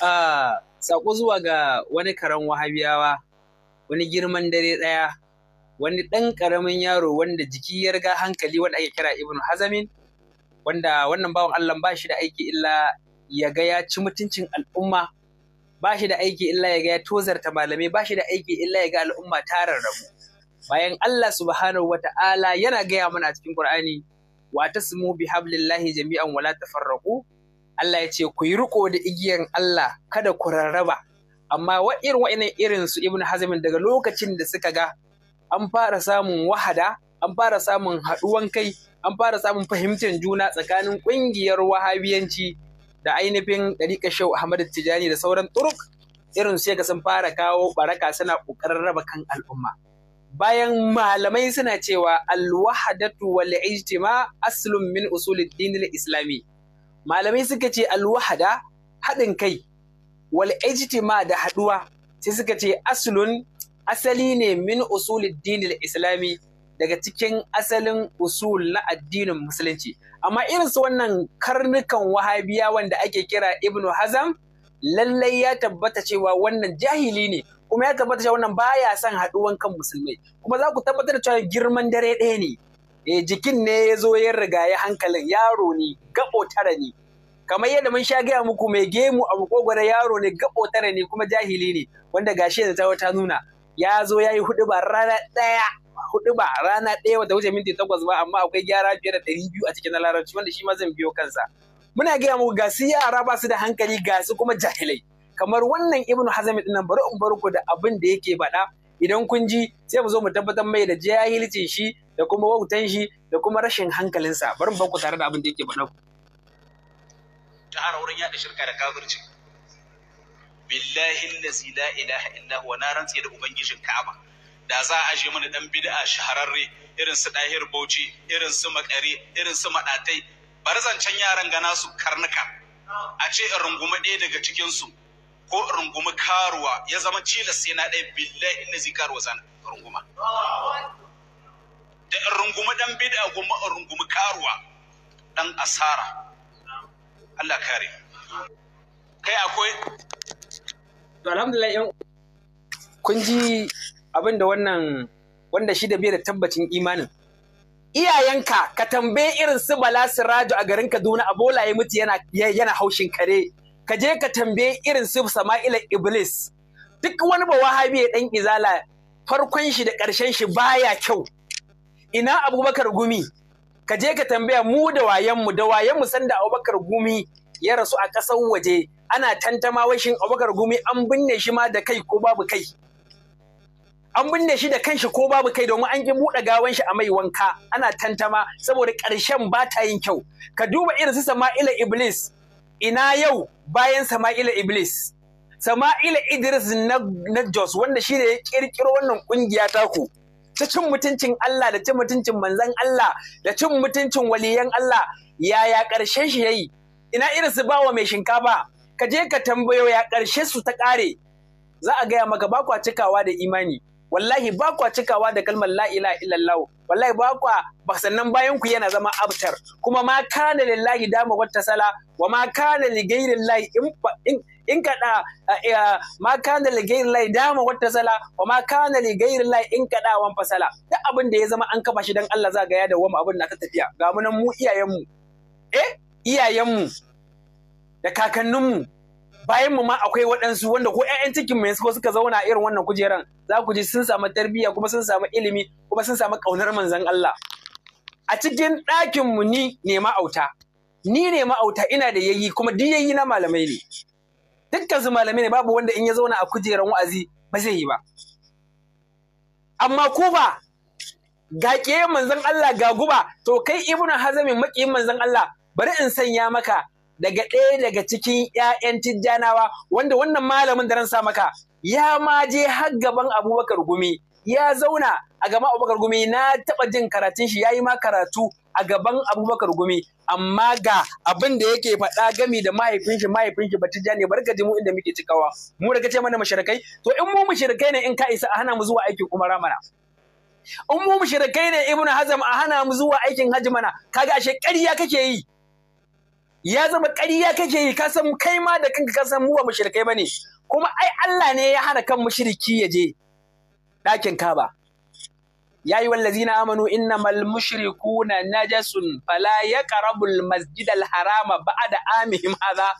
a Sako zuwa ga wani karen wahabiyawa, wani girman dare ɗaya, wani ɗan ƙaramin yaro wanda jiki ya riga hankali wanda ake kira Ibn Hazamin, wanda wannan bawan Allah ba shi da aiki illa ya ga ya ci mutuncin al'umma, ba shi da aiki illa ya ga ya tozarta malamai, ba shi da aiki illa ya ga al'umma ta rarrabu. Bayan Allah subhanahu wata'ala ta'ala yana gaya mana a cikin Qur'ani wa tasmu bi jami'an wala tafarraqu Allah ya ce ku yi riko da igiyan Allah kada ku rarraba amma wa irin wa'annan irin su Ibn Hazm daga lokacin da suka ga an fara samun wahada an fara samun haɗuwan kai an fara samun fahimtar juna tsakanin ƙungiyar wahabiyanci da ainihin dariƙa shau Ahmad Tijani da sauran turuk irin su ga sun fara kawo baraka suna ƙoƙarin raba kan al'umma. Bayan malamai suna cewa alwahadatu wal ijtima aslun min usulid dinil islami. malamai suka ce alwahada haɗin kai wal ijtima da haɗuwa sai suka ce asulun asali ne min usulid islami daga cikin asalin usul na addinin musulunci amma irin su wannan karnukan wahabiya wanda ake kira ibnu hazam lallai ya tabbata cewa wannan jahili ne kuma ya tabbata cewa wannan baya son haɗuwan kan musulmai kuma za ku tabbatar da cewa girman dare ɗaya ne eh, jikin ne ya zo ya riga ya hankalin yaro ne gaɓo tara ne kamar yadda mun sha gaya muku mai gemu a makogwara yaro ne gabo tare ne kuma jahili ne wanda gashi da ta ta nuna ya zo ya yi hudu ba rana ɗaya hudu ba rana ɗaya wata wuce minti takwas ba amma akwai gyara fiye da ɗari biyu a cikin na larabci wanda shi ma zan biyo kansa muna gaya muku gasu su yara ba su da hankali ga su kuma jahilai kamar wannan ibnu hazami dinnan bari in bar ku da abin da yake faɗa idan kun ji sai mu zo mu tabbatar mai da jahilcin shi da kuma wautan shi da kuma rashin hankalinsa bari mu bar ku tare da abin da yake faɗa shahara wurin yaɗa shirka da kafirci billahi allazi la ilaha illa huwa na rantse da ubangijin ka'aba da za a je mana dan bid'a shahararre irin su dahir bauchi irin su makare irin su madatai bar zancan yaran gana su karnuka a ce in rungumi ɗaya daga cikin su ko in rungumi karuwa ya zama cila sai na ɗaya billahi allazi karuwa zan runguma da in rungumi dan bid'a kuma in rungumi karuwa dan asara Allah kare kai akwai to alhamdulillah yan kun ji abin da wannan wanda shi da bai da tabbacin imanin iyayenka ka tambaye irin su bala siraju a garin kaduna a bolaye mutu yana yana haushin kare ka je ka tambaye irin su sama'ila iblis duk wani ba wahabi ya dan izala farkon shi da ƙarshen shi baya kyau ina abubakar gumi ka je ka tambaya mu da wayenmu da wayenmu sanda Abubakar Gumi ya rasu a ƙasar waje ana tantama washin Abubakar Gumi an binne shi ma da kai ko babu kai an binne shi da kanshi ko babu kai domin an ki buɗe gawan shi a mai wanka ana tantama saboda ƙarshen ba ta yin kyau ka duba irin su Sama'ila Iblis ina yau bayan Sama'ila Iblis Sama'ila Idris na Jos wanda shi ne ya ƙirƙiro wannan ƙungiya taku da cin mutuncin Allah da cin mutuncin manzan Allah da cin mutuncin waliyan Allah yaya ƙarshe shi ya yi. ina irin su bawa mai shinkafa ka je ka tambayo ya ƙarshe su ta ƙare za a gaya maka ba kwa cikawa da imani wallahi ba kwa cikawa da kalmar la ilaha illallah wallahi ba kwa ba sannan bayan ku yana zama abtar kuma ma kana lillahi dama wata sala wa ma kana li ghairillahi in in ka ma kana li gairi lai dama wata sala wa ma kana li gairi lai in ka wan fasala duk abin da ya zama an kafa shi dan Allah za ga ya da wama abin na ta tafiya ga mu nan mu iyayen mu eh iyayen mu da kakannin mu bayan mu ma akwai waɗansu wanda ko 'ya'yan cikin mai su suka zauna irin wannan kujeran za ku ji sun samu tarbiyya kuma sun samu ilimi kuma sun samu kaunar manzon Allah a cikin ɗakin mu ni ne ma'auta ni ne ma'auta ina da yayi kuma duk yayi na malamai ne dukkan su malamai ne babu wanda in ya zauna a kujerar wa'azi ba zai yi ba amma ku ba ga manzon Allah ga guba to kai ibnu hazamin maƙiyin manzon Allah bari in sanya maka daga ɗaya daga cikin 'ya'yan tijjanawa wanda wannan malamin da ran sa maka ya ma je har gaban abubakar gumi ya zauna a gama abubakar gumi na taɓa jin karatun shi ya yi ma karatu a gaban abubakar gumi amma ga abin da yake faɗa gami da mahaifin shi mahaifin shi batija ne bar gaji mu inda muke cikawa mu daga ce mana mashirkai to in mu mashirkai ne in ka isa a hana mu zuwa aikin kuma ramana in mu mashirkai ne ibnu hazam a hana mu zuwa aikin hajji mana kaga ashe ƙarya kake yi ya zama ƙarya kake yi ka san kai ma da kanka ka san mu ba mashirkai bane kuma ai Allah ne ya hana kan mushriki ya je ɗakin Kaba ya yi na amanu innamal mushrikuna najasun fala yaqrabul masjidal harama da amihim hadha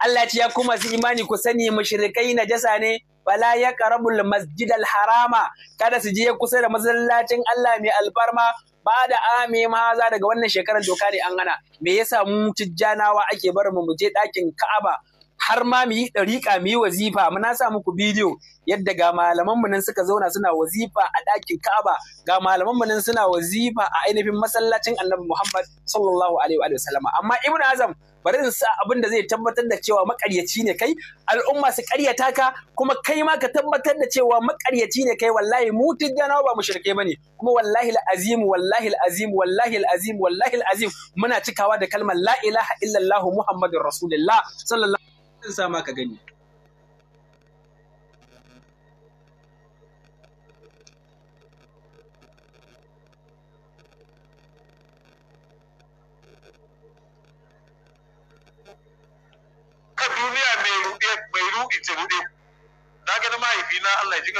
Allah ya kuma su imani ku sani mushrikai najasa ne fala yaqrabul masjidal harama kada su je kusa da masallacin Allah mai alfarma. ba da ame maza daga wannan shekarar doka ne an hana me yasa mu tijjanawa ake barin mu je ɗakin Ka'aba har ma mu yi ɗariƙa mu yi wazifa muna sa muku bidiyo yadda ga malaman mu nan suka zauna suna wazifa a ɗakin Ka'aba ga malaman mu nan suna wazifa a ainihin masallacin Annabi Muhammad sallallahu alaihi wa sallama amma Ibn Azam bari in sa abin da zai tabbatar da cewa makaryaci ne kai al'umma su karyata ka kuma kai ma ka tabbatar da cewa makaryaci ne kai wallahi mu tijjanawa ba shirke bane kuma wallahi al'azim wallahi al'azim wallahi al'azim wallahi al'azim muna cikawa da kalmar la ilaha illallah muhammadur rasulullah sallallahu zan sa ma ka gani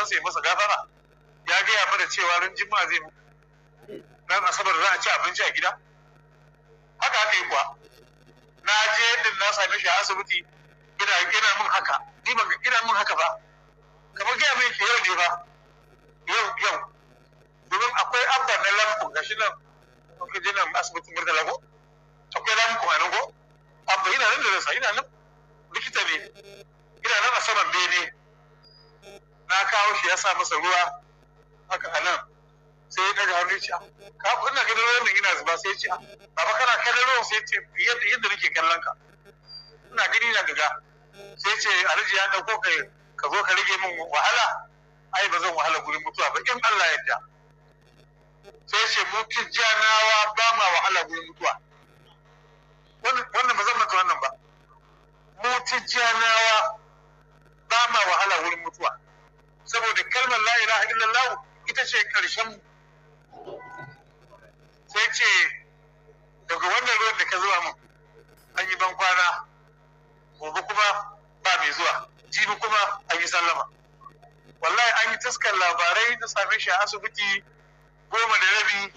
sai masa gafara ya gaya mana cewa ran jimma zai Nan asabar za ci abinci a gida haka haka yi kuwa na je din na same shi a asibiti ina ina mun haka ni ba ina mun haka ba kamar gaya mai yau ne ba yau yau domin akwai abba na lambu shi nan kuka je nan asibitin murtala ko akwai lambu a nan ko abba ina nan da rasa ina nan likita ne ina nan a saman bene na kawo shi ya sa masa ruwa haka a nan sai ya daga hannu ci ah, ka ina ganin ruwan nan ina zuba sai ya ci ah, baba kana kallon ruwan sai ya ce yadda nake kallon ka ina gani na gaga sai ce rijiya ya dauko ka ka zo ka rage min wahala ai ba zan wahala gurin mutuwa ba in Allah yadda sai ce mu tijjanawa ba ma wahala gurin mutuwa wannan ba zan manta wannan ba mu tijjanawa ba ma wahala gurin mutuwa saboda kalmar la ilaha illallah ita ce karshen sai ce daga wannan ruwan da ka zuwa mun an yi ban kwana gobe kuma ba mai zuwa jibi kuma an yi sallama wallahi an yi taskar labarai na same shi a asibiti goma da rabi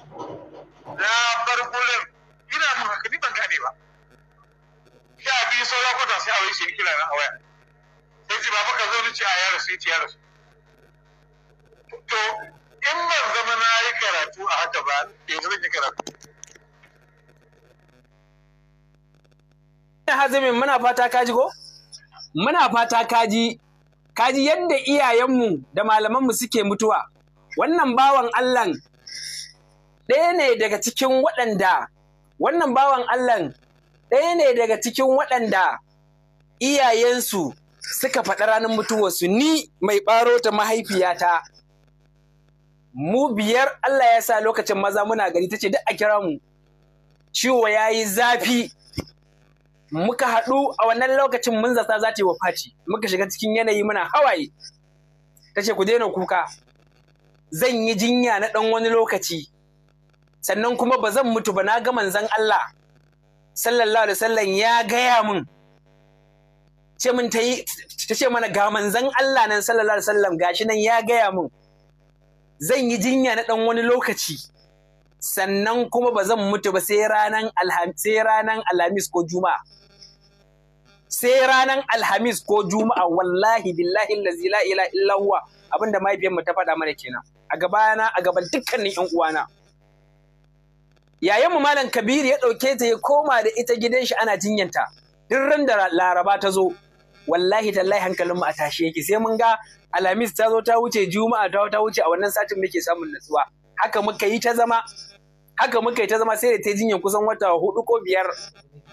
na bar gurin ina mun haka ban gane ba sha biyu sauran kwata sai a wai shi kira na waya sai ji ba ka zo ni ce a yaro sai ce yaro to in ban zama na yi karatu a haka ba yanzu zan yi karatu hazimin muna fata kaji ko muna fata kaji kaji yadda iyayenmu da malamanmu suke mutuwa wannan bawan Allah ɗaya ne daga cikin waɗanda wannan bawan Allah ɗaya ne daga cikin waɗanda iyayensu suka faɗi ranar mutuwarsu ni mai ɓaro ta mahaifiyata mu biyar Allah ya sa lokacin maza muna gani ta ce duk a kira mu ciwo ya yi zafi muka haɗu a wannan lokacin mun zata za ta yi wa Fati muka shiga cikin yanayi muna hawaye ta ce ku daina kuka zan yi jinya na ɗan wani lokaci sannan kuma ba zan mutu ba na ga manzon Allah sallallahu alaihi wasallam ya gaya min ce mun ta yi ta ce mana ga manzon Allah nan sallallahu alaihi wasallam gashi nan ya gaya min zan yi jinya na ɗan wani lokaci sannan kuma ba zan mutu ba sai ranan alhamis ko juma'a sai ranar alhamis ko juma'a wallahi billahi lazi la ila illa huwa abinda mahaifiyar mu ta faɗa mana kenan a gabana a gaban dukkanin yan uwana yayanmu mu malam kabir ya ɗauke ta ya koma da ita gidan shi ana jinyanta duk ran da laraba ta zo wallahi tallahi hankalin mu a tashe yake sai mun ga alhamis ta zo ta wuce juma'a ta ta wuce a wannan satin muke samun natsuwa haka muka yi ta zama haka muka yi ta zama sai da ta jinya kusan wata hudu ko biyar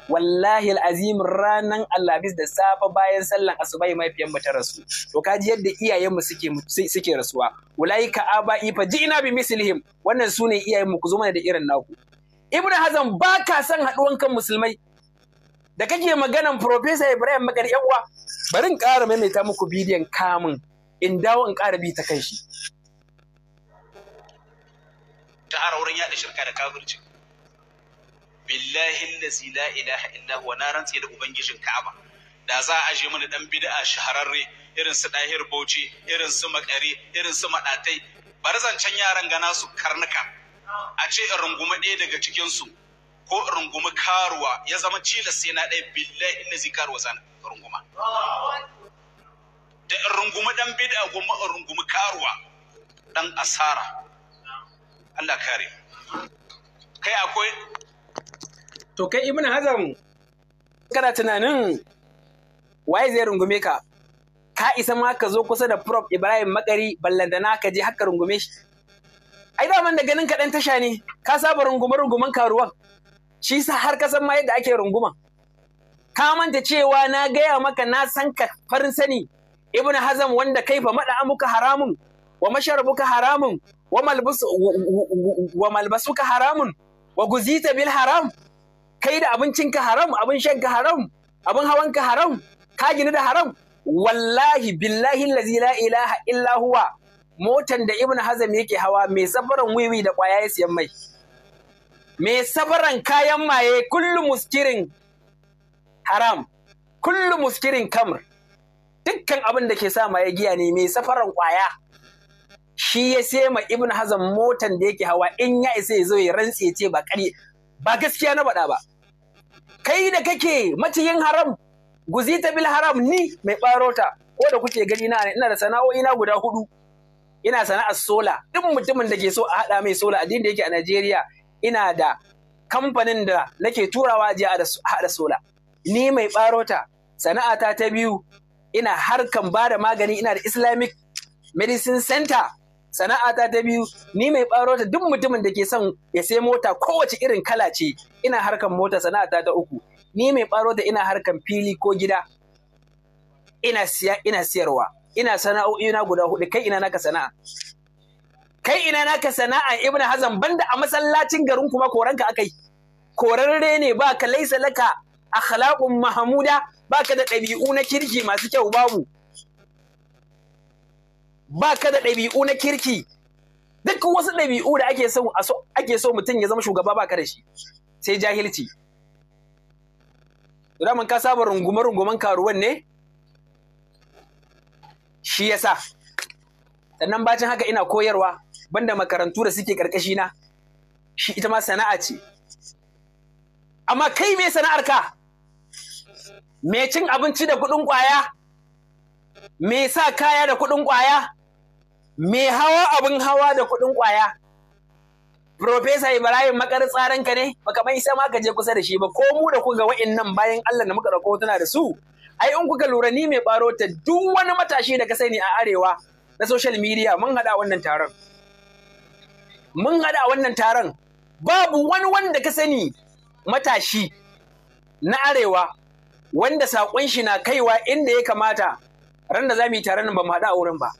wallahi azim ranan alhamis da safe bayan sallan asubai mahaifiyar mu ta rasu to kaji yadda iyayen mu suke suke rasuwa ulaika aba'i fa ji'na bi mislihim wannan sune iyayen mu ku zo mana da irin naku ibn hazan ba ka san haduwan kan musulmai da kake maganan professor ibrahim magari yan uwa bari in ƙara maimaita muku bidiyon kamun in dawo in ƙara bi ta kan shi ta wurin yaɗa shirka da kafirci billahi allazi la ilaha illa huwa na rantse da ubangijin Ka'aba da za a aje mana dan bid'a shahararre irin su Dahir Bauchi irin su Makari irin su Madatai zancen yaran gana su karnuka a ce in rungumi ɗaya daga cikin su ko in rungumi karuwa ya zama cila sai na ɗaya billahi allazi karuwa zan runguma da in rungumi dan bid'a kuma in rungumi karuwa dan asara Allah kare kai akwai To kai Ibn Hazam kana tunanin waye zai rungume ka? Ka isa ma ka zo kusa da Prof Ibrahim Makari ballandana ka je haka rungume shi. Ai daman da ganin kaɗan tasha ne, ka saba rungumar runguman karuwan. Shi sa har ka san ma yadda ake runguma. Ka manta cewa na gaya maka na san ka farin sani Ibn Hazam wanda kai fa maɗa amuka haramun wa masharabuka haramun wa malbasuka haramun wa guzita bil haram kai da abincin ka haram abin shan ka haram abin hawan ka haram ka gina da haram wallahi billahi allazi la ilaha illa huwa motan da ibnu hazam yake hawa mai safaran wiwi da kwaya ya siyan mai mai safaran kayan maye kullu muskirin haram kullu muskirin kamr dukkan abin da ke sa maye giya ne mai safaran kwaya shi ya sai ma ibn hazan motan da yake hawa in ya isa ya zo ya rantse ce ba ƙari ba gaskiya na bada ba kai da kake maciyin haram guzita bil haram ni mai barota ko da kuke gani na ina da sana'o'i guda hudu ina sana'ar sola duk mutumin da ke so a hada mai sola addin da yake a Najeriya ina da kamfanin da nake turawa je a hada sola ni mai barota sana'ata ta biyu ina harkan ba da magani ina da Islamic Medicine Center sana'ata ta biyu ni mai ɓaro ta duk mutumin da ke son ya sai mota kowace irin kala ce ina harkan mota sana'ata ta uku ni mai ɓaro ta ina harkan fili ko gida ina siya ina siyarwa ina sana'o'i na guda hudu kai ina naka sana'a kai ina naka sana'a ibn hazan banda a masallacin garin kuma koranka akai korarre ne ba ka laisa laka akhlaqun mahmuda baka da ɗabi'u na kirki masu kyau babu baka da ɗabi'u na kirki duk wasu ɗabi'u da ake so ake so mutum ya zama shugaba baka ka da shi sai jahilci mun ka saba runguma runguman karuwan ne shi yasa sannan bacin haka ina koyarwa banda makarantu da suke karkashi na shi ita ma sana'a ce amma kai me sana'ar ka me cin abinci da kuɗin ƙwaya me sa kaya da kuɗin ƙwaya me hawa abin hawa da kuɗin ƙwaya Profesa Ibrahim makar ka ne baka mai isa ma ka je kusa da shi ba ko mu da kuga nan bayan Allah na muka ɗauko tana da su ai in kuka lura ni mai baro ta duk wani matashi da ka sani a arewa na social media mun hada wannan taron mun haɗa wannan taron babu wani wanda ka sani matashi na arewa wanda saƙon shi na kaiwa inda ya kamata ran da za mu yi taron nan ba mu haɗa a wurin ba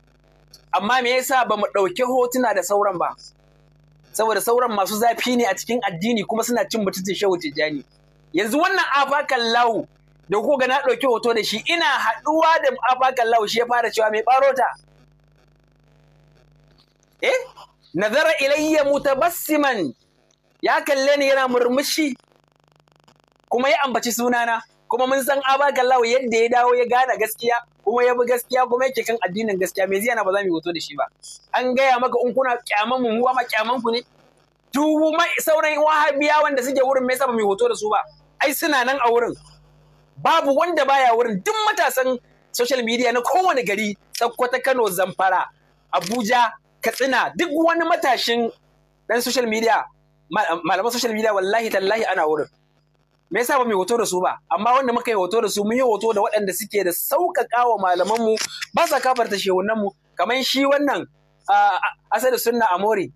amma me yasa ba mu ɗauki hotuna da sauran ba saboda sauran masu zafi ne a cikin addini kuma suna cin mutuncin shehu tijjani yanzu wannan afakan lawu da kuka na ɗauki hoto da shi ina haɗuwa da afakan lawu shi ya fara cewa mai ɓarota eh nazara ilayya mutabassiman ya kalle ni yana murmushi kuma ya ambaci sunana kuma mun san abakan lau yadda ya dawo ya gane gaskiya kuma ya bi gaskiya kuma yake kan addinin gaskiya me zai yana ba za mu yi hoto da shi ba an gaya maka in kuna kyaman mu ma kyaman ku ne dubu mai sauran wahabiya wanda suke wurin mai yasa ba mu hoto da su ba ai suna nan a wurin babu wanda baya wurin duk matasan social media na kowane gari Sakkwata Kano Zamfara Abuja Katsina duk wani matashin dan social media malaman social media wallahi tallahi ana wurin me yasa ba mu hoto da su ba amma wanda muka yi hoto da su mun yi hoto da waɗanda suke da sauƙaƙa wa malaman mu ba sa kafarta shehunan mu kamar shi wannan Asad sunna amori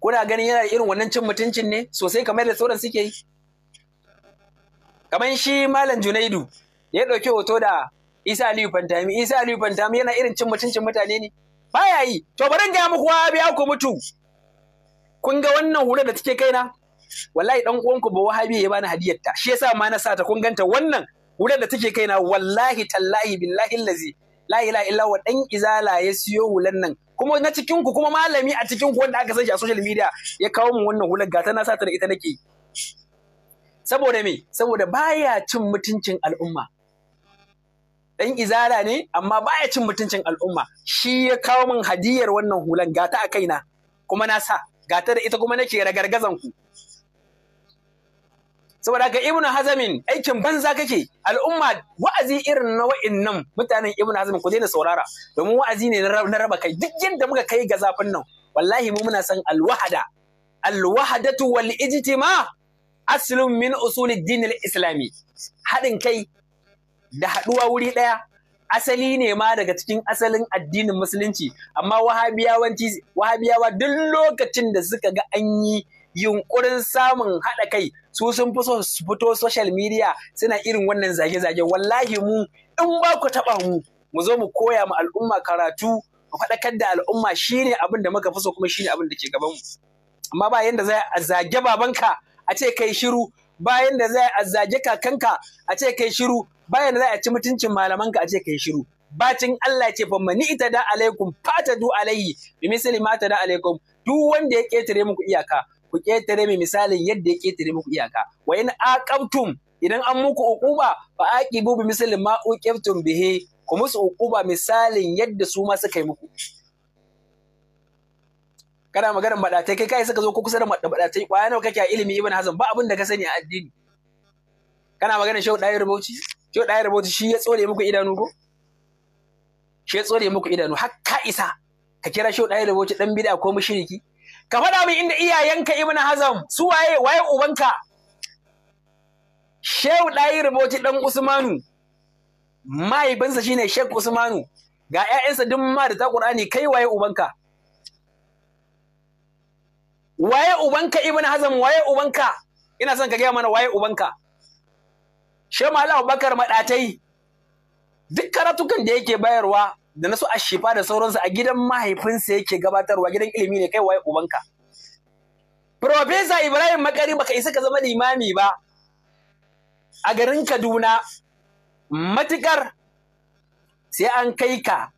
kuna ganin yana irin wannan cin mutuncin ne sosai kamar da sauran suke yi kamar shi malam junaidu ya ɗauki hoto da isa aliyu fantami isa aliyu fantami yana irin cin mutuncin mutane ne baya yi to bari in gaya muku wa biya ku mutu kun ga wannan hular da take kaina wallahi dan uwanku ba wahabi ya bani hadiyar ta shi yasa ma na sa ta kun ganta wannan wurin da take kaina wallahi tallahi billahi allazi la ilaha illa wa dan izala ya siyo hulan nan kuma na cikin ku kuma malami a cikin ku wanda aka san shi a social media ya kawo mu wannan hular gata na ta da ita nake saboda me saboda baya cin mutuncin al'umma dan izala ne amma baya cin mutuncin al'umma shi ya kawo min hadiyar wannan hulan gata a kaina kuma na sa gata da ita kuma nake ragargazan ku saboda ga ibnu hazamin aikin banza kake al'umma wa'azi irin na wa'innan mutanen ibnu hazamin ku daina saurara domin wa'azi ne na raba kai duk yadda muka kai ga zafin nan wallahi mu muna san alwahada alwahadatu wal ijtima aslun min usuli din islami haɗin kai da haɗuwa wuri ɗaya asali ne ma daga cikin asalin addinin musulunci amma wahabiyawanci wahabiyawa duk lokacin da suka ga an yi yunkurin samun haɗa kai su sun fi su fito social media suna irin wannan zage-zage wallahi mu in ba ku taɓa mu mu zo mu koya ma al'umma karatu mu faɗakar da al'umma shine abin da muka fi so kuma shine abin da ke gaban mu amma ba yanda za a zage babanka a ce kai shiru bayan da za a zage kakanka a ce kai shiru bayan da za a ci mutuncin malamanka a ce kai shiru bacin Allah ce fa mani ita da alaikum fata du alaihi bi misali ta da alaikum duk wanda ya ketare muku iyaka ku ƙetare mai misalin yadda ya ƙetare muku iyaka wa in aqabtum idan an muku uquba fa aqibu bi misalin ma uqibtum bihi ku musu uquba misalin yadda su ma suka yi muku kana magana madatai kai kai suka zo ko kusa da madatai kwaya nawa kake a ilimi ibn hazan ba abin da ka sani a addini kana magana shehu dai rubuci shehu dai rubuci shi ya tsore muku idanu ko shi ya tsore muku idanu har ka isa ka kira shehu dai rubuci dan bid'a ko mushriki ka faɗa min inda iyayenka ibn hazam su waye waye ubanka shehu dai rubuci ɗan usmanu mahaifinsa shine Shehu usmanu ga 'ya'yansa duk ma da ta qur'ani kai waye ubanka waye ubanka ibn hazam waye ubanka ina son ka gaya mana waye ubanka shehu malam abubakar Madatai duk karatukan da yake bayarwa da na su shifa da sauransu a gidan mahaifinsa yake gabatarwa gidan ilimi ne kai waye ubanka Profesa Ibrahim Makari baka isa ka zama limami ba a garin Kaduna matukar sai an kai ka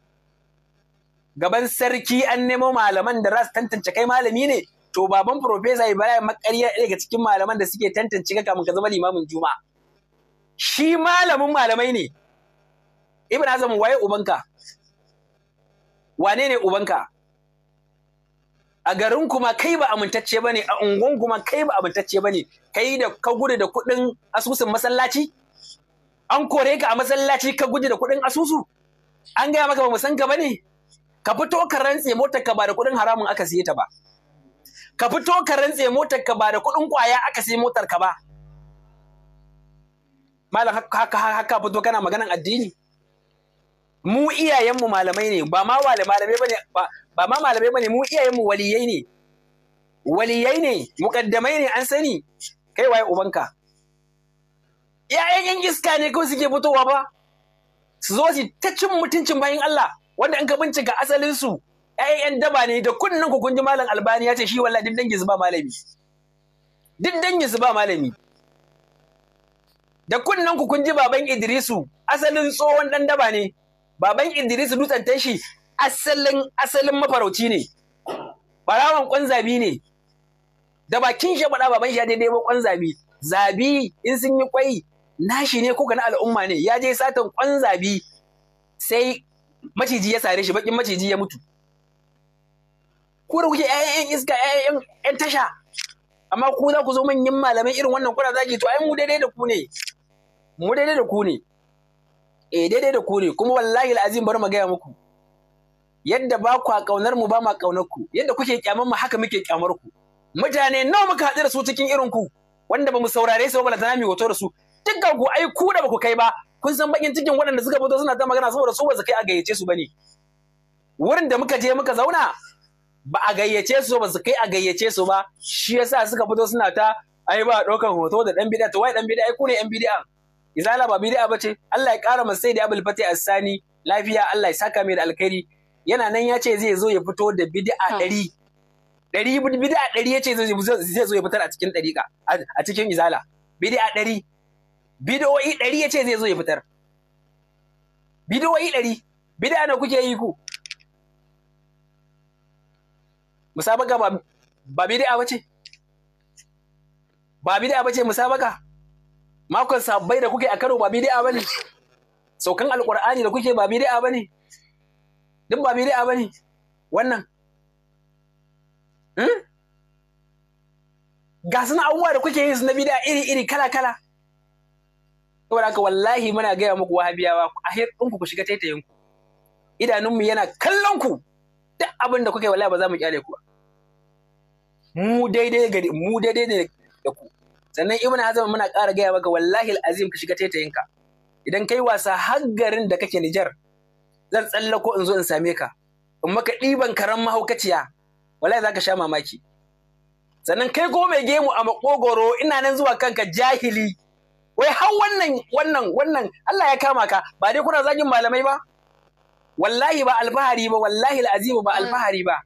gaban sarki an nemo malaman da za su tantance kai malami ne to baban Profesa Ibrahim Makari ya daga cikin malaman da suke tantance ka kamun ka zama limamin Juma'a shi malamin malamai ne Ibn Azam waye ubanka wane ne ubanka a garin kuma kai ba amintacce bane a unguwan kuma kai ba amintacce bane kai da ka gudu da kuɗin asusun masallaci an kore ka a masallaci ka gudu da kuɗin asusu an gaya maka ba mu san ka bane ka fito ka rantse motar ka ba da kuɗin haramun aka siye ta ba ka fito ka rantse motar ka ba da kuɗin kwaya aka siye motar ka ba malam haka haka haka fito kana maganan addini mu iyayenmu malamai ne ba ma malamai bane ba ma malamai bane mu iyayenmu waliyai ne waliyai ne mukaddamai ne an sani kai waye ubanka Ya'yan yan iska ne kawai suke fitowa ba su zo su ta cin mutuncin bayan Allah wanda in ka bincika asalin su ƴaƴan yan daba ne da kunnen ku kun ji malam albani ya ce shi wallahi duk dangin su ba malami duk dangin su ba malami da kunnen ku kun ji baban Idrisu asalin tsohon dan daba ne baban Idris dutsen tashi asalin asalin mafarauci ne barawan kwan zabi ne da bakin shi baban shi ya daidai ba kwan zabi zabi in sun yi kwai nashi ne ko na al'umma ne ya je satan kwan zabi sai maciji ya sare shi bakin maciji ya mutu Kura kuke ƴaƴan iska ƴaƴan ƴan tasha amma ku za ku zo manyan malamai irin wannan kura zaki to ai mu daidai da ku ne mu daidai da ku ne eh daidai da ku ne kuma wallahi alazim bar mu gaya muku yadda ba ku kaunar mu ba ma kaunar ku yadda kuke kyamar mu haka muke kyamar ku mutane nawa muka haɗu da su cikin irin ku wanda ba mu saurare su ba balantana hoto da su dukkan ku ai ku da ba ku kai ba kun san bakin cikin waɗanda suka fito suna ta magana saboda su ba su kai a gayyace su bane wurin da muka je muka zauna ba a gayyace su ba su kai a gayyace su ba shi yasa suka fito suna ta ai ba ɗaukan hoto da ɗan bidiya to wai ɗan bidiya? ai ku ne ɗan bid'a izala ba ba bace Allah ya kara masa da Abul fati asani sani lafiya Allah ya saka mai da alkhairi yana nan ya ce zai zo ya fito da bid'a ɗari ɗari bid'a ɗari ya ce zai zo ya fitar a cikin ɗariƙa a cikin izala bid'a ɗari bid'o'i ɗari ya ce zai zo ya fitar bid'o'i ɗari bid'a na kuke yi ku musabaka ba bid'a bace ba bid'a bace musabaka makon sabbai da kuke a Kano ba bid'a bane saukan alqur'ani da kuke ba bid'a bane duk ba bid'a bane wannan hmm? ga suna abubuwa da kuke yin su na bid'a iri iri kala kala saboda haka wallahi muna gaya muku wahabiyawa a hirɗinku ku shiga taitayin ku mu yana kallon ku duk abin da kuke wallahi ba za mu kyale ku ba mu daidai mu daidai ne sannan ibn azam muna ƙara gaya maka wallahi azim ka shiga taitayinka idan kai wasa har garin da kake nijar zan tsallako in zo in same ka in maka ɗiban karan mahaukaciya wallahi zaka sha mamaki sannan kai ko mai gemu a makogoro ina nan zuwa kanka jahili wai har wannan wannan wannan Allah ya kama ka ba dai kuna zagin malamai ba wallahi ba alfahari ba wallahi al'azimu ba hmm. alfahari ba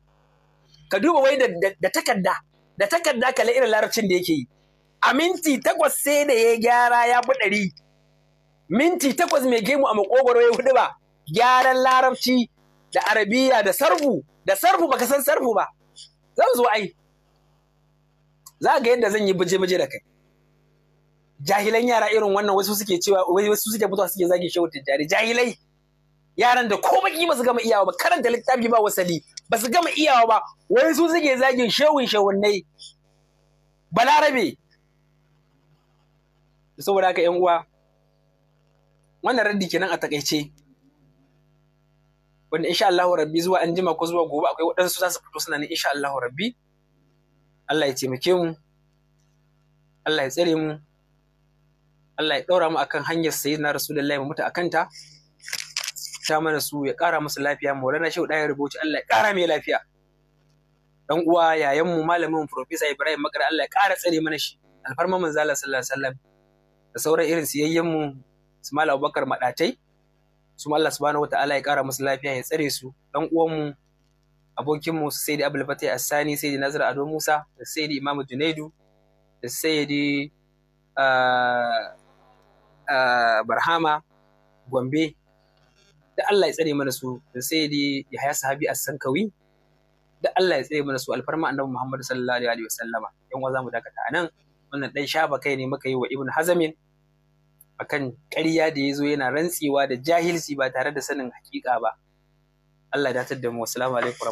ka duba wai da takarda da takarda kala irin larabcin da yake yi a minti takwas sai da ya gyara ya fi ɗari minti takwas mai gemu a makogoro ya hudu ba gyaran larabci da arabiya da sarfu da sarfu baka san sarfu ba zan zo ai za ga yadda zan yi buje-buje da kai jahilan yara irin wannan wasu suke cewa wasu suke mutuwa suke zage shehu tijjani jahilai yaran da ko baki ba su gama iyawa ba karanta littafi ba wasali ba su gama iyawa ba wai su suke zagin shehun shehunnai balarabe saboda haka yan uwa wannan raddi kenan a takaice wanda insha Allahu rabbi zuwa an jima ko zuwa gobe akwai waɗansu za su fito suna ne insha Allahu rabbi Allah ya taimake mu Allah ya tsare mu Allah ya ɗaura mu akan hanyar sayyidina rasulullahi mu mutu akanta ta mana su ya ƙara musu lafiya maulana shehu ɗaya rubuci Allah ya ƙara mai lafiya dan uwa yayan mu malamin professor Ibrahim Makar Allah ya ƙara tsare mana shi alfarma manzala sallallahu alaihi wasallam da sauran irin siyayyen mu su mala abubakar madatai su Allah subhanahu wata'ala ya ƙara musu lafiya ya tsare su dan uwanmu abokin mu sai da abul fatai sani sai da nazar ado musa da sai da imamu junaidu da sai da ah, ah, barhama gombe da Allah ya tsare mana su da sai da yahya sahabi a sankawi da Allah ya tsare mana su alfarma annabi muhammad sallallahu alaihi wasallama yan uwa zamu dakata anan wannan dan shafa kai ne muka yi wa ibn hazamin akan ƙarya da ya zo yana rantsewa da jahilci ba tare da sanin hakika ba Allah ya datar da mu assalamu alaikum